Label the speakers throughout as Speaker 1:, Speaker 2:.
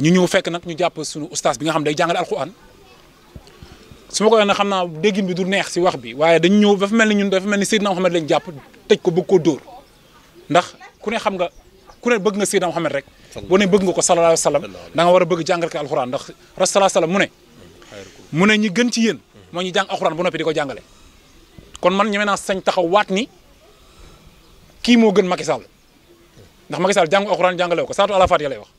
Speaker 1: ñu ñëw fekk nag ñu jàpp suñu ustaas bi nga xam day jàngale alxuraan su ma ko waxee nag xam naa déggin bi du neex si wax bi waaye dañu ñëw dafa mel ni ñun dafa mel ni Seydina Mohamed lañ jàpp tëj ko bëgg koo dóor ndax ku ne xam nga ku ne bëgg nga Seydina Mohamed rek boo ne bëgg nga ko sallallahu alayhi wa sallam da nga war a bëgg jàngal ko alxuraan ndax rasulullah sallam mu ne mu ne ñi gën ci yéen moo ñu jàng alxuraan bu noppi di ko jàngale kon man ñeme naa sañ taxaw waat ni kii moo gën Macky Sall ndax Macky Sall jàngu alxuraan jàngale ko saatu ala lay wax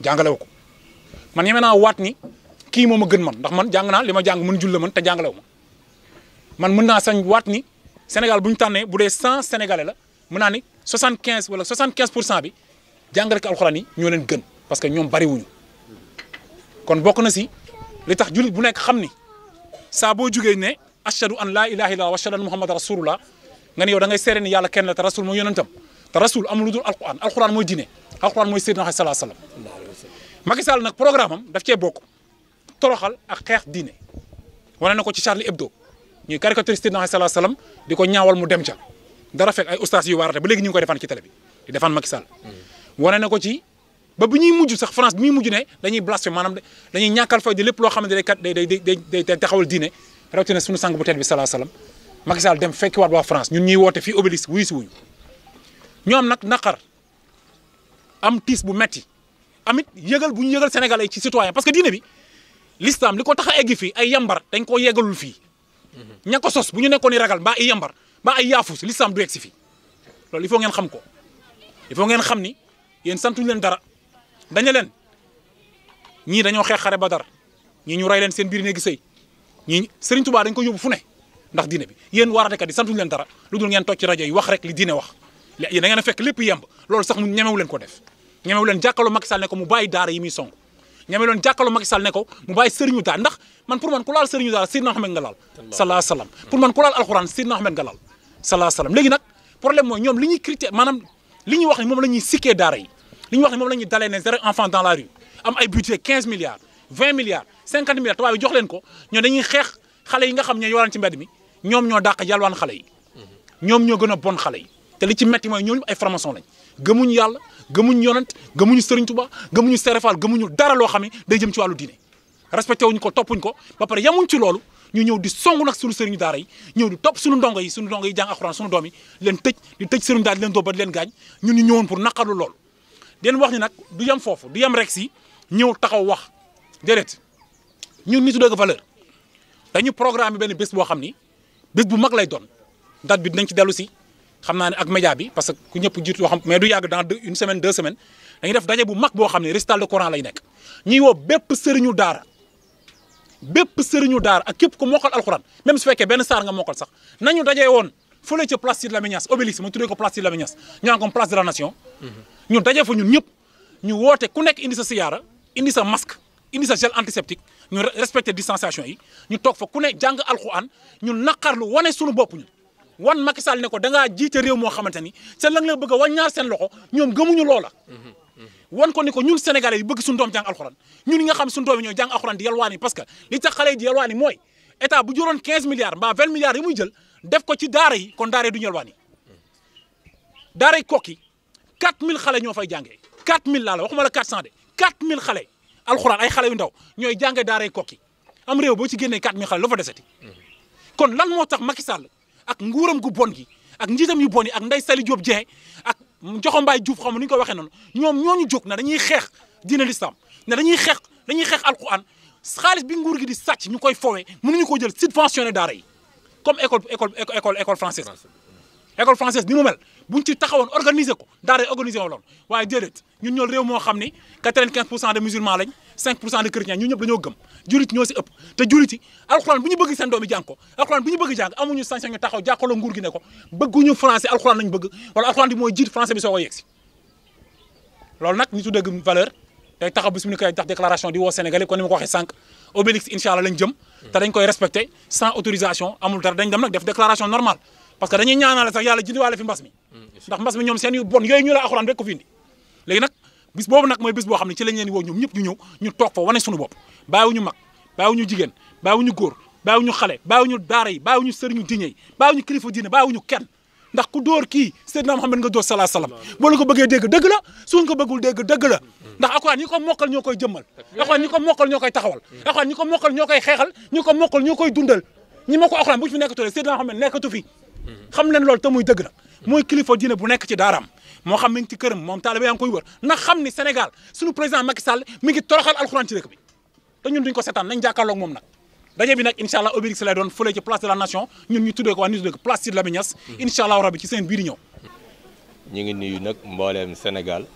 Speaker 1: jàngalewu ko man ñeme naa waat ni kii moom a gën man ndax man jàng naa li ma jàng mën julla man te jàngalewu ma man mën naa sañ waat ni Sénégal bu ñu ne bu dee cent sénégalais la mën naa ni soixante quinze wala soixante quinze pour cent bi jàngalekat alxuraan yi ñoo leen gën parce que ñoom bari wuñu kon bokk na si li tax jullit bu nekk xam ni saa boo jugee ne ashadu an laa ilaha illallah wa an muhammad rasulullah nga ni yow da ngay seere yàlla kenn la te rasul mooy yonentam mooy diine alquran mooy Macky Sall nag programme am daf cee bokk toroxal ak xeex diine wane na ko ci Charlie Hebdo ñuy caricaturiste na sallallahu alayhi wasallam di ko ñaawal mu dem ca dara fekk ay ustaas yu waarate ba léegi ñu ngi koy defaan ci télé bi di defaan Macky Sall mm. wane na ko ci ba bu ñuy mujj sax France bi muy mujj ne dañuy blasphème maanaam dañuy ñàkkal fay di lépp loo xamante ne kat day day day day taxawal diine rawatina suñu sang bu tedd bi sallallahu alayhi wasallam Macky dem fekkiwaat waa France ñun ñuy woote fii Obélisque wuyu nag naqar am tiis bu metti amit yëgal bu ñu yëgal sénégalais ci citoyen parce que dina bi l'islam li ko tax a eggi fii ay yambar dañ koo yeggalul fii ña ko sos bu ñu nekkoon ni ragal mbaa ay yambar mbaa ay yaafus l'islam du egg si fii loolu il faut ngeen xam ko il faut ngeen xam ni yéen santuñ leen dara dañu leen ñii dañoo xeex xare ba dara ñii ñu rey leen seen biir néegi sëy ñii Serigne Touba dañ ko yóbbu fu ne ndax diine bi yéen waaraatekat yi santuñu leen dara lu dul ngeen toog ci rajo yi wax rek li diine wax yéen da ngeen a fekk lépp yemb loolu sax mu ñemewu leen ko def ñemewu leen jàkkaarloo Macky Sall ne ko mu bàyyi daara yi muy song ñemewu leen jàkkaarloo Macky Sall ne ko mu bàyyi sëriñu daara ndax man pour man ku laal sëriñu daara Sidna Ahmed nga laal salaa salaam pour man ku laal alxuraan Sidna Ahmed nga laal salaa salaam léegi nag problème mooy ñoom li ñuy maanaam li wax ni moom la ñuy sikkee daara yi li ñuy wax ni moom la dalee ne zéro enfant dans la rue am ay budget 15 milliards 20 milliards 50 yi jox leen ko ñoo dañuy xeex xale yi nga xam ñooy yolaan ci mbedd mi ñoo dàq yàlwaan xale ñoo gën a bon xale yi te li ci metti mooy ñooñu ay franc-maçon lañ gëmuñu yàlla gëmuñu yonent gëmuñu Serigne Touba gëmuñu Serefal gëmuñu dara loo xam ne day jëm ci wàllu diine respecté wuñ ko toppuñ ko ba pare yamuñ ci loolu ñu ñëw di song nag suñu sëriñu daara yi ñëw di topp suñu ndongo yi suñu dongo yi jàng alxuraan suñu doom yi leen tëj di tëj sëriñu daara di leen dóor ba di leen gaañ ñun ñu ñëwoon pour naqarlu loolu di leen wax ni nag du yem foofu du yem rek si ñëw taxaw wax déedéet ñun nitu dëgg valeur dañu programme benn bés boo xam ni bés bu mag lay doon date bi dinañ ci dellu si xam naa ne ak média bi parce que ku ñëpp jiitu loo xam mais du yàgg dans une semaine deux semaines dañuy def daje bu mag boo xam ne récital de Coran lay nekk ñuy woo bépp bépp sëriñu daara ak képp ku mokkal alxuraan même su fekkee benn saar nga mokkal sax nañu daje woon fële ca place Sidy Lamine Niass obélisque ma tuddee ko place Sidy Lamine ñu naan comme place mm-hmm. ñu ñëpp ñu woote ku nekk indi sa siyaara indi sa masque indi sa gel antiseptique ñu respecté distanciation yi ñu toog fa ku ne jàng alxuraan ñu naqarlu wane suñu bopp wan Macky Sall ko danga jiite réew moo xamante ni seen la nga la bëgg a wàññaar seen loxo ñoom gëmuñu loola. wan ko ni ko ñun sénégalais yi bëgg suñu doom jàng alxuraan ñun ñi nga xam suñu doom yi ñooy jàng alxuraan di yalwaani parce que li tax xale i di yalwaani mooy état bu jëloon 15 milliards mbaa 20 milliards yi muy jël def ko ci daara yi kon daara yi du ñu yalwaani daara yi kokki 4000 xale ñoo fay jàngee 4000 laa la waxuma la 400 de 4000 xale alxuraan ay xale yu ndaw ñooy jàngee daara kokki am réew boo ci génnee 4000 xale la fa deseti kon lan moo tax Macky Sall ak nguuram gu bon gi ak njiitam yu bon yi ak Ndeye Saly Diop Dieng ak Joxombaay Juuf xam nu ñu ko waxee noonu ñoom ñoo ñu jóg na dañuy xeex diine lislaam ne dañuy xeex dañuy xeex alquran xaalis bi nguur gi di sàcc ñu koy fowe ñu ko jël subventionné daara comme école école école école française école française ni mu mel buñ ci taxawoon organiser ko daara organiser wu loon waaye déedéet ñun ñoo réew moo xam ni 95 pour cent de musulmans lañ 5 pour de chrétiens ñun ñëpp dañoo gëm julit ñoo si ëpp te juliti alxuraan bu ñu bëgg seen doom yi jàng ko alxuraan bu ñu bëgg jàng amuñu sanction ñu taxaw jàkkaarloo nguur gi ne ko bëgguñu français bi mooy jiit français bi soo ko yegsi loolu nag ni koy ko waxee sànq sans autorisation amul dara dañ dem nag def déclaration normale parce que dañuy ñaanale sax yàlla jëliwaale fi mbas mi mm, ndax mbas mi ñoom seen yu bon yooyu ñu la alxuraan rek ko fi indi bis boobu nag mooy bis boo xam ne ci lañ leen woo ñoom ñëpp ñu ñëw ñu toog fa wane suñu bopp bàyyiwuñu mag bàyyiwuñu jigéen bàyyiwuñu góor bàyyiwuñu xale baaw daara yi bàyyiwuñu ñu diine yi ñu kilifa diine bàyyiwuñu kenn ndax ku dóor kii Seydina Muhammad nga dóor salaa salaam boo la ko bëggee dégg dëgg la suñ ko bëggul dégg ko mokkal ñoo koy jëmmal alxuraan ñi ko mokkal ñoo koy taxawal mm. alxuraan koy xeexal ñi ko mokkal ñoo koy dundal fi xam leen lool te muy dëgg la mooy kilifa diine bu nekk ci daaraam moo xam mi ngi ci këram moom taalibe yaa ngi koy wër ndax xam ni Sénégal suñu président Macky Sall mi ngi toroxal alxuraan ci dëkk bi te ñun duñ ko setaan nañ jàkkaarloog moom nag daje bi nag incha allah obélisque lay doon fële ci place de la nation ñun ñu tuddee ko waa ñu tuddee ko place Sidy Lamine Niass hmm. incha allah rabbi ci seen biir ñëw
Speaker 2: ñu ngi nuyu nag mbooleem senegal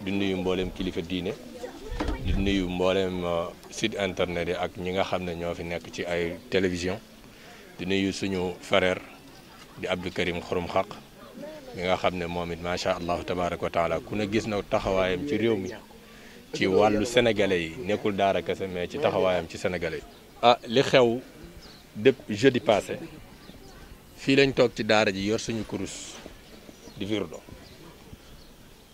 Speaker 2: di nuyu mbooleem kilifa diine di nuyu mbooleem euh, site internet ak ñi nga xam ne ñoo fi nekk ci ay télévision di suñu frère di Abdou Karim Xurum Xaq mi nga xam ne moom it macha allah tabaaraka wa taala ku ne gis na taxawaayam ci réew mi ci wàllu sénégalais yi nekkul daara kese mais ci taxawaayam ci sénégalais yi. ah li xew depuis jeudi passé fii lañ toog ci daara ji yor suñu kurus di virdo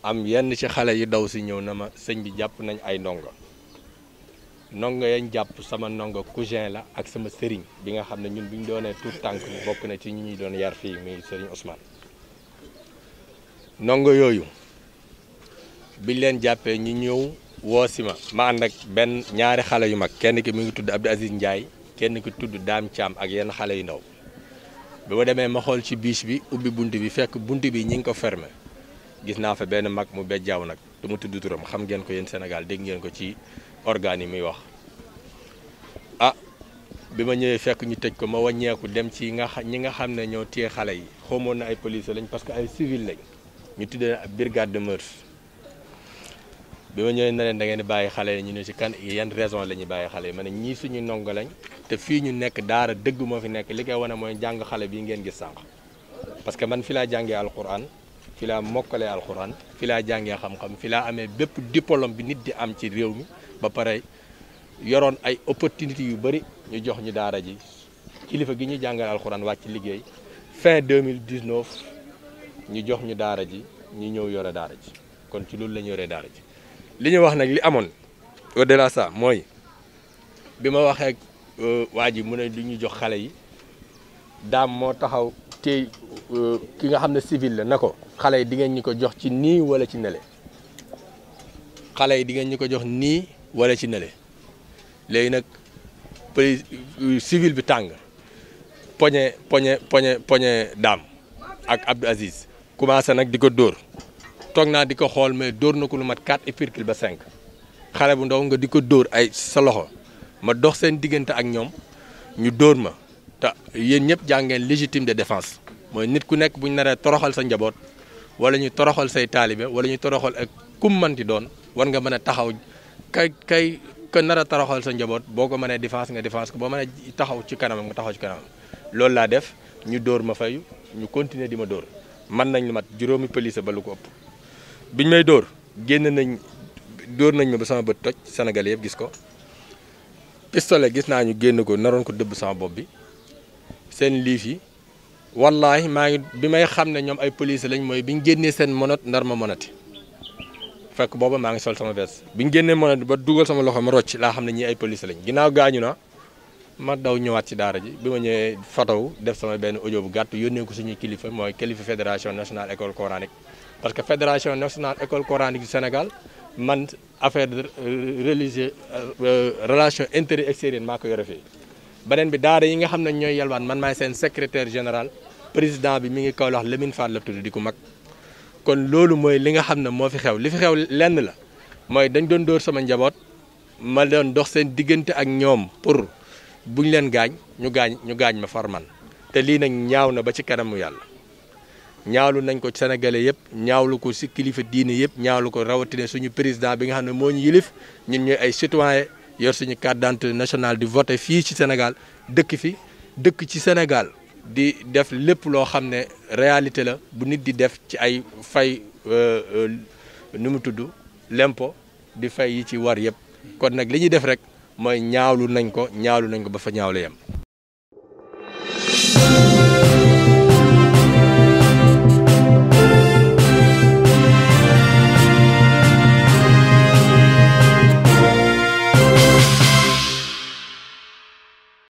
Speaker 2: am yenn ci xale yi daw si ñëw na ma sëñ bi jàpp nañ ay ndongo. ndongo yañ jàpp sama ndongo cousin la ak sama sëriñ bi nga xam ne ñun bu ñu doonee tuut tànk bokk na ci ñi ñuy doon yar fii muy sëriñ Ousmane ndongo yooyu biñ leen jàppee ñu ñëw woo si ma ma ànd ak benn ñaari xale yu mag kenn ki mu ngi tudd Abdou Aziz Ndiaye kenn ki tudd Dame Thiam ak yenn xale yu ndaw bi ma demee ma xool ci biis bi ubbi bunt bi fekk bunt bi ñu ngi ko ferme gis naa fa benn mag mu bejjaaw nag du mu tudd turam xam ngeen ko yéen Sénégal dégg ngeen ko ci organes yi muy wax a ah, bi ma ñëwee fekk ñu tëj ko ma wàññeeku dem ci nga xam ñi nga xam ne ñoo téye xale yi xamoon na ay police lañ parce que ay civil lañ ñu tuddee brigade de mœurs bi ma ñëwee na leen da ngeen di bàyyi xale yi ñu ne si kan yan raison lañuy bàyyi xale yi ma ne ñii suñu ndongo lañ te fii ñu nekk daara dëgg moo fi nekk li koy wane mooy jàng xale bii ngeen gis sànq parce que man fi laa jàngee alquran fi laa mokkalee alxuraan fi jàngee xam-xam fi laa amee bépp diplôme bi nit di am ci réew mi ba pare yoroon ay opportunité yu bëri ñu jox ñu daara ji kilifa gi ñu jàngal alxuraan wàcc liggéey fin 2019 ñu jox ñu daara ji ñu ñëw yore daara ji kon ci loolu lañu ñu daara ji li ñu wax nag li amoon au delà mooy bi ma waxee euh, waa ji mu ne du ñu jox xale yi daam moo taxaw te euh, ki nga xam ne civil la na ko xale yi di ngeen ñu ko jox ci nii wala ci nele xale yi di ngeen ñu ko jox nii wala ci nele léegi nag euh, civil bi tàng poñe poñe poñe poñe daam ak Abdou Aziz commencé nag di ko dóor toog naa di ko xool mais dóor na ko lu mat 4 virgule ba 5 xale bu ndaw nga di ko dóor ay sa loxo ma dox seen diggante ak ñoom ñu dóor ma te yéen ñëpp jàngeen légitime de défense mooy nit ku nekk bu ñu naree toroxal sa njaboot wala ñu toroxal say taalibe wala ñu toroxal ak kum manti doon war nga mën a taxaw kay kay ka nara toroxal sa njaboot boo ko mënee défense nga défense ko boo mënee taxaw ci kanamam nga taxaw ci kanamam loolu laa def ñu dóor ma fayu ñu continuer di ma dóor mën nañ mat juróomi police ba lu ko ëpp biñ may dóor génn nañ dóor nañ ma ba sama bët toj Sénégal yëpp gis ko pistolet gis naa ñu génn ko naroon ko dëbb sama bopp bi seen liif yi wallaahi maa ngi bi may xam ne ñoom ay police lañ mooy biñ génnee seen monot ndar ma monati fekk booba maa ngi sol sama veste biñ génnee monot ba dugal sama loxo ma rocc laa xam ne ñi ay police lañ ginnaaw gaañu na ma daw ñëwaat ci daara ji bi ma ñëwee fotow def sama benn ojo bu gàtt yónneeku ko suñuy kilifa mooy kilifa fédération nationale école coranique parce que fédération nationale école coranique du senegal man affaire de euh, religieux euh, euh, relation intérieur extérieur maa ko yore beneen bi daara yi nga xam ne ñooy yalwaan man maay seen secrétaire général président bi mi ngi kaw wax Lamine Fall la tudd di ku mag kon loolu mooy li nga xam ne moo fi xew li fi xew lenn la mooy dañ doon dóor sama njaboot ma doon dox seen diggante ak ñoom pour buñ leen gaañ ñu gaañ ñu gaañ ma far man te lii nag ñaaw na ba ci kanamu yàlla ñaawlu nañ ko sénégalais yëpp ñaawlu ko si kilifa diine yëpp ñaawlu ko rawatina suñu président bi nga xam ne moo ñu yilif yor suñu carte d'identité nationale di voté fii ci Sénégal dëkk fi dëkk ci Sénégal di def lépp loo xam ne réalité la bu nit di def ci ay fay euh, euh, nu mu tudd lempo di fay yi ci war yëpp kon nag li ñuy def rek mooy ñaawlu nañ ko ñaawlu nañ ko ba fa ñaawla yem